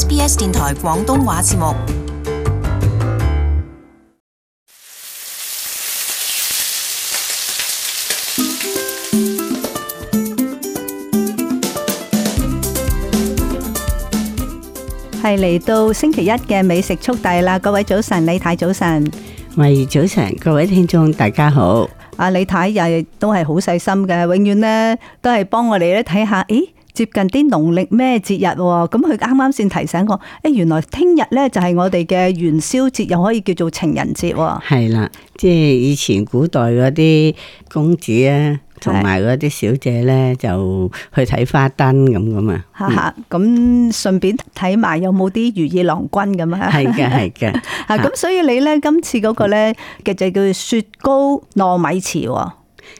SBS 電台廣東話節目係嚟到，星期一嘅美食速遞啦！各位早晨，李太早晨，喂，早晨，各位聽眾大家好。阿李太又都係好細心嘅，永遠咧都係幫我哋咧睇下，誒。接近啲農曆咩節日喎？咁佢啱啱先提醒我，哎，原來聽日咧就係我哋嘅元宵節，又可以叫做情人節喎。係啦，即係以前古代嗰啲公子啊，同埋嗰啲小姐咧，就去睇花燈咁噶嘛。嚇、嗯，咁順便睇埋有冇啲如意郎君咁啊。係嘅，係嘅。嚇， 咁所以你咧今次嗰個咧嘅就叫雪糕糯米糍喎。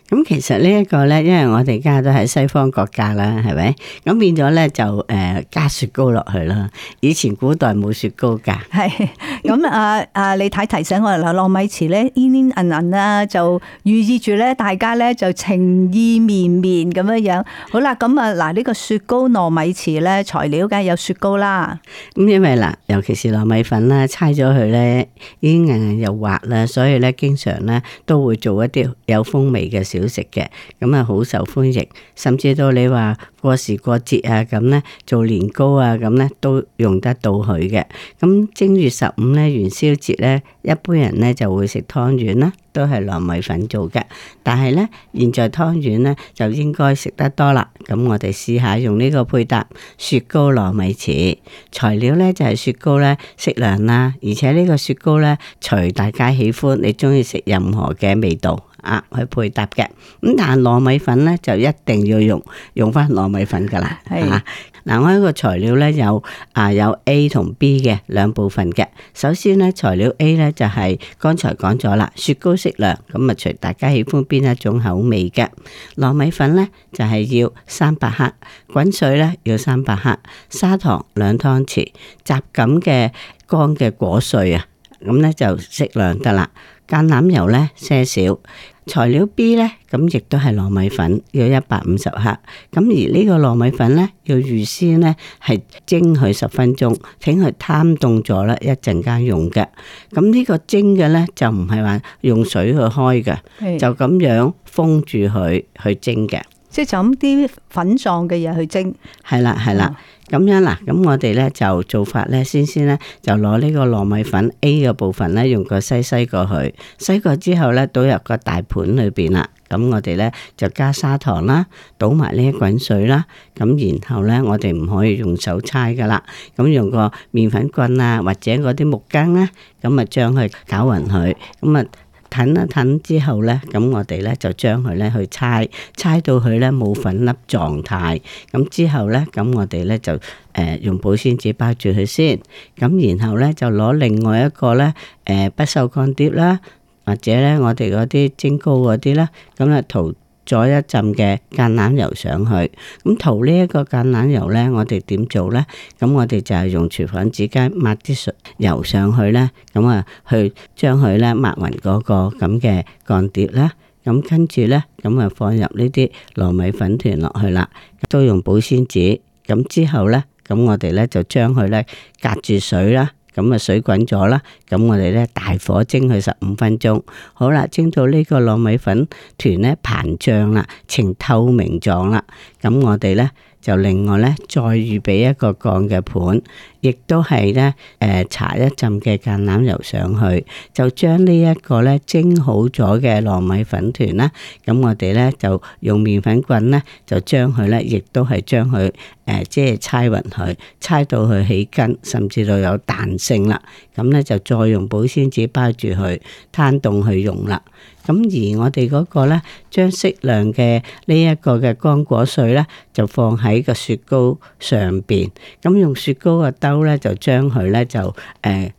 咁其實呢一個咧，因為我哋而家都喺西方國家啦，係咪？咁變咗咧就誒加雪糕落去啦。以前古代冇雪糕噶。係咁啊啊！你睇提醒我啦，糯米糍咧煙煙韌韌啦，就寓意住咧大家咧就情意綿綿咁樣樣。好啦，咁啊嗱，呢個雪糕糯米糍咧材料梗係有雪糕啦。咁因為嗱，尤其是糯米粉啦，猜咗佢咧，已經韌韌又滑啦，所以咧經常咧都會做一啲有風味。嘅小食嘅咁啊，好受歡迎，甚至到你話過時過節啊，咁呢，做年糕啊，咁呢，都用得到佢嘅。咁正月十五呢，元宵節呢，一般人呢就會食湯圓啦，都係糯米粉做嘅。但係呢，現在湯圓呢，就應該食得多啦。咁我哋試下用呢個配搭雪糕糯米餈，材料呢，就係雪糕呢，適量啦，而且呢個雪糕呢，隨大家喜歡，你中意食任何嘅味道。啊，去配搭嘅，咁但係糯米粉咧，就一定要用用翻，糯米粉噶啦，吓嗱是、啊啊、我呢個材料咧，有啊有 A 同 B 嘅兩部分嘅。首先咧，材料 A 咧就係、是、剛才講咗啦，雪糕適量，咁啊隨大家喜歡邊一種口味嘅。糯米粉咧就係、是、要三百克滾水咧要三百克砂糖，兩湯匙，雜錦嘅乾嘅果碎啊。咁咧就適量得啦，橄欖油咧些少。材料 B 咧，咁亦都係糯米粉，要一百五十克。咁而呢個糯米粉咧，要預先咧係蒸佢十分鐘，請佢攤凍咗啦，一陣間用嘅。咁呢個蒸嘅咧，就唔係話用水去開嘅，是就咁樣封住佢去蒸嘅。即係就啲粉狀嘅嘢去蒸，係啦係啦，咁樣啦，咁我哋咧就做法咧，先先咧就攞呢個糯米粉 A 嘅部分咧，用個篩篩過去，篩過之後咧倒入個大盤裏邊啦。咁我哋咧就加砂糖啦，倒埋呢一滾水啦。咁然後咧我哋唔可以用手搓噶啦，咁用個麵粉棍啊或者嗰啲木羹咧，咁啊將佢攪勻佢，咁啊。揼一揼之後咧，咁我哋咧就將佢咧去猜猜到佢咧冇粉粒狀態。咁之後咧，咁我哋咧就誒、呃、用保鮮紙包住佢先。咁然後咧就攞另外一個咧誒、呃、不鏽鋼碟啦，或者咧我哋嗰啲蒸糕嗰啲啦，咁啊塗。咗一浸嘅橄欖油上去，咁塗呢一個橄欖油呢，我哋點做呢？咁我哋就係用廚房紙巾抹啲水油上去呢。咁啊去將佢呢抹勻嗰個咁嘅鋼碟啦。咁跟住呢，咁啊放入呢啲糯米粉團落去啦，都用保鮮紙。咁之後呢，咁我哋呢，就將佢呢隔住水啦。咁啊水滾咗啦，咁我哋咧大火蒸佢十五分鐘。好啦，蒸到呢個糯米粉團咧膨脹啦，呈透明狀啦，咁我哋咧。就另外咧，再預備一個鋼嘅盤，亦都係咧，誒，搽一浸嘅橄欖油上去，就將呢一個咧蒸好咗嘅糯米粉團啦。咁我哋咧就用麵粉棍咧，就將佢咧，亦都係將佢誒、呃，即係搓勻佢，搓到佢起筋，甚至到有彈性啦。咁咧就再用保鮮紙包住佢，攤凍去用啦。咁而我哋嗰個咧，將適量嘅呢一個嘅乾果碎咧，就放喺個雪糕上邊。咁用雪糕個兜咧，就將佢咧就誒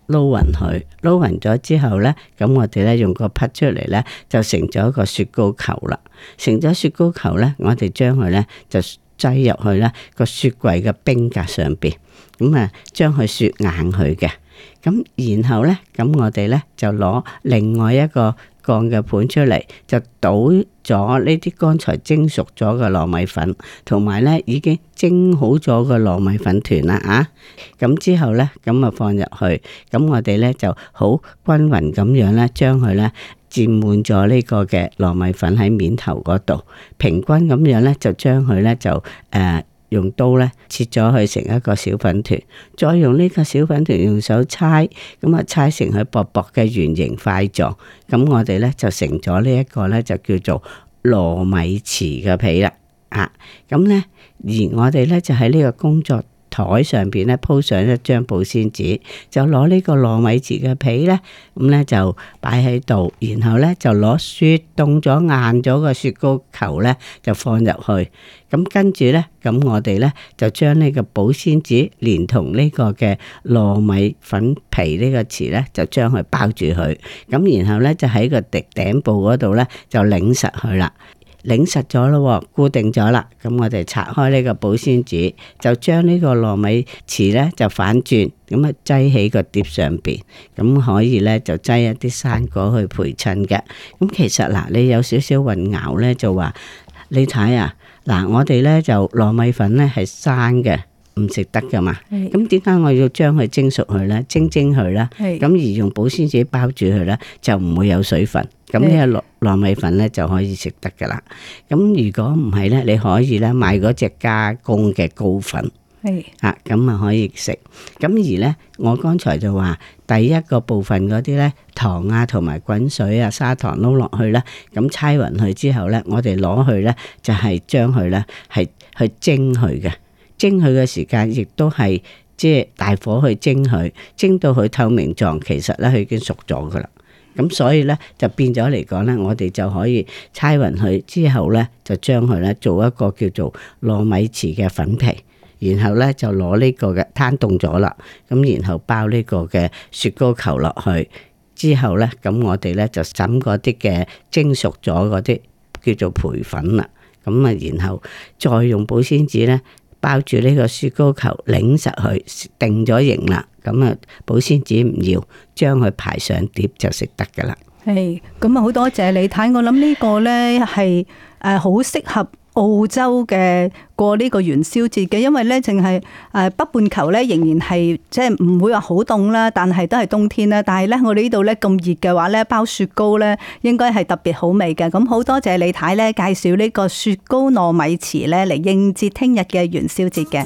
撈匀佢，撈匀咗之後咧，咁我哋咧用個劈出嚟咧，就成咗一個雪糕球啦。成咗雪糕球咧，我哋將佢咧就擠入去呢個雪櫃嘅冰格上邊。咁啊，將佢雪硬佢嘅。咁然後咧，咁我哋咧就攞另外一個。乾嘅盆出嚟，就倒咗呢啲剛才蒸熟咗嘅糯米粉，同埋呢已經蒸好咗嘅糯米粉糰啦啊！咁之後呢，咁啊放入去，咁我哋呢就好均匀咁樣呢，將佢呢沾滿咗呢個嘅糯米粉喺面頭嗰度，平均咁樣呢，就將佢呢就誒。呃用刀咧切咗佢成一個小粉團，再用呢個小粉團用手搓，咁啊搓成佢薄薄嘅圓形塊狀，咁我哋呢就成咗呢一個呢就叫做糯米糍嘅皮啦，啊，咁呢，而我哋呢就喺呢個工作。台上邊咧鋪上一張保鮮紙，就攞呢個糯米糍嘅皮咧，咁咧就擺喺度，然後咧就攞雪凍咗硬咗嘅雪糕球咧就放入去，咁跟住咧，咁我哋咧就將呢個保鮮紙連同呢個嘅糯米粉皮個呢個糍咧就將佢包住佢，咁然後咧就喺個滴頂部嗰度咧就擰實佢啦。擰實咗咯，固定咗啦。咁我哋拆開呢個保鮮紙，就將呢個糯米糍咧就反轉，咁啊擠喺個碟上邊。咁可以咧就擠一啲生果去陪襯嘅。咁其實嗱，你有少少混淆咧，就話你睇啊，嗱，我哋咧就糯米粉咧係生嘅。唔食得噶嘛？咁點解我要將佢蒸熟佢呢？蒸蒸佢呢？咁是而用保鮮紙包住佢呢，就唔會有水分。咁呢是個糯糯米粉呢，就可以食得噶啦。咁如果唔係呢，你可以呢買嗰隻加工嘅糕粉，嚇咁是啊可以食。咁、啊、而呢，我剛才就話第一個部分嗰啲呢，糖啊，同埋滾水啊、砂糖撈落去呢，咁攪勻佢之後呢，我哋攞去呢，就係將佢呢，係去蒸佢嘅。蒸佢嘅時間亦都係即係大火去蒸佢，蒸到佢透明狀，其實咧佢已經熟咗㗎喇。咁所以咧就變咗嚟講咧，我哋就可以猜勻佢之後咧，就將佢咧做一個叫做糯米糍嘅粉皮，然後咧就攞呢個嘅攤凍咗啦。咁然後包呢個嘅雪糕球落去之後咧，咁我哋咧就揀嗰啲嘅蒸熟咗嗰啲叫做培粉啦。咁啊，然後再用保鮮紙咧。包住呢個雪糕球，擰實佢，定咗型啦。咁啊，保鮮紙唔要，將佢排上碟就食得噶啦。係，咁啊好多謝你睇， 我諗呢個咧係誒好適合。澳洲嘅過呢個元宵節嘅，因為呢淨係誒北半球呢，仍然係即係唔會話好凍啦，但係都係冬天啦。但係呢，我哋呢度呢，咁熱嘅話呢，包雪糕呢應該係特別好味嘅。咁好多謝李太呢介紹呢個雪糕糯米糍呢嚟應節，聽日嘅元宵節嘅。